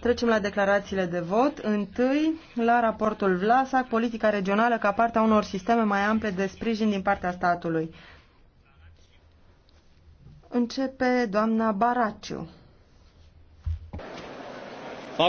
Trecem la declarațiile de vot. Întâi, la raportul Vlasac, politica regională ca parte a unor sisteme mai ample de sprijin din partea statului. Începe doamna Baraciu.